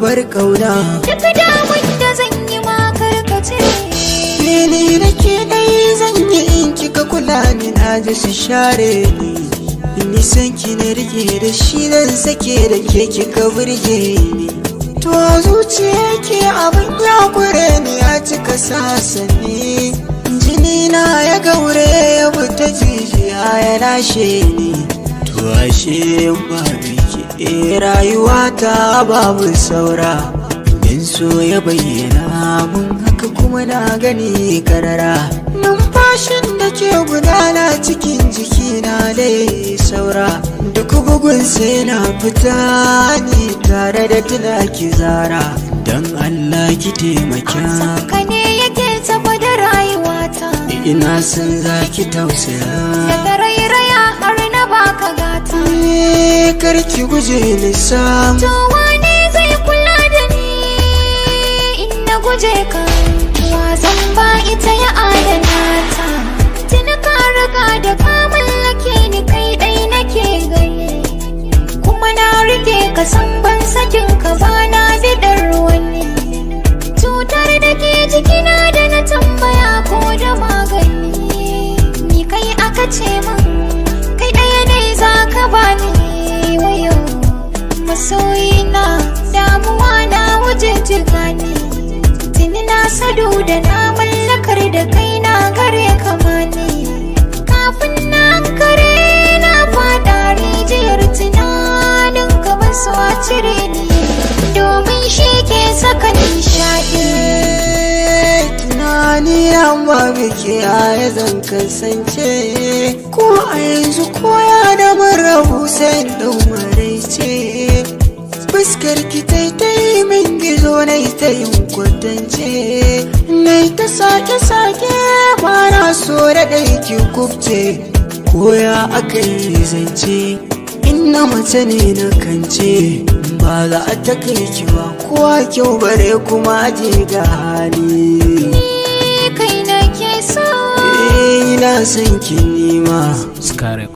bar kauna duk damun da zan yi ma karkace ni da ke dai zan yi in kika kula ni na ji su share ni in san ki na rike da shi nan sake da ke kika burge ni to zuciya ke abin ya kure ni ya cika sasani jini na ya gaure ya fita jijiya ya lashe ni to ashe bari e rayuwa ta babu saura in so ya bayyana mun haka kuma na gani karara numfashin da ke gudana cikin jiki jikina dai saura duk bugun sai na fita ni tare da tuna ki zara don allah ki taimaka ne yake taɓa da rayuwata ina san za ki tausaya ki guje ni sam to wane zai kula da ni in na guje ka wa zan ba ita ya adana ta Tana ka riga da ka mallake ni kai dai nake gare kuma na rike ka san ban sakin ka ba na bidar wani cutar da ke jikina da na tambaya ko da magani ni kai aka ce min sireni domin shi ke saka nishaɗi tunani ma biki ya zan kasance ko a yanzu koya da mara hussein ɗan maraice fuskar ki ta yi min gizo na ta yin kwatance na ta sake-sake ba na so da ɗaiki kubce koya aka yi zance inna mace ne na kance ba za a takaici ba kowa kyau bare kuma je ga hali kai na ke so eh, ina son ki nima